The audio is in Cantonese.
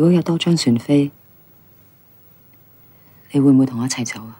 如果有多一張船飛，你會唔會同我一齊走啊？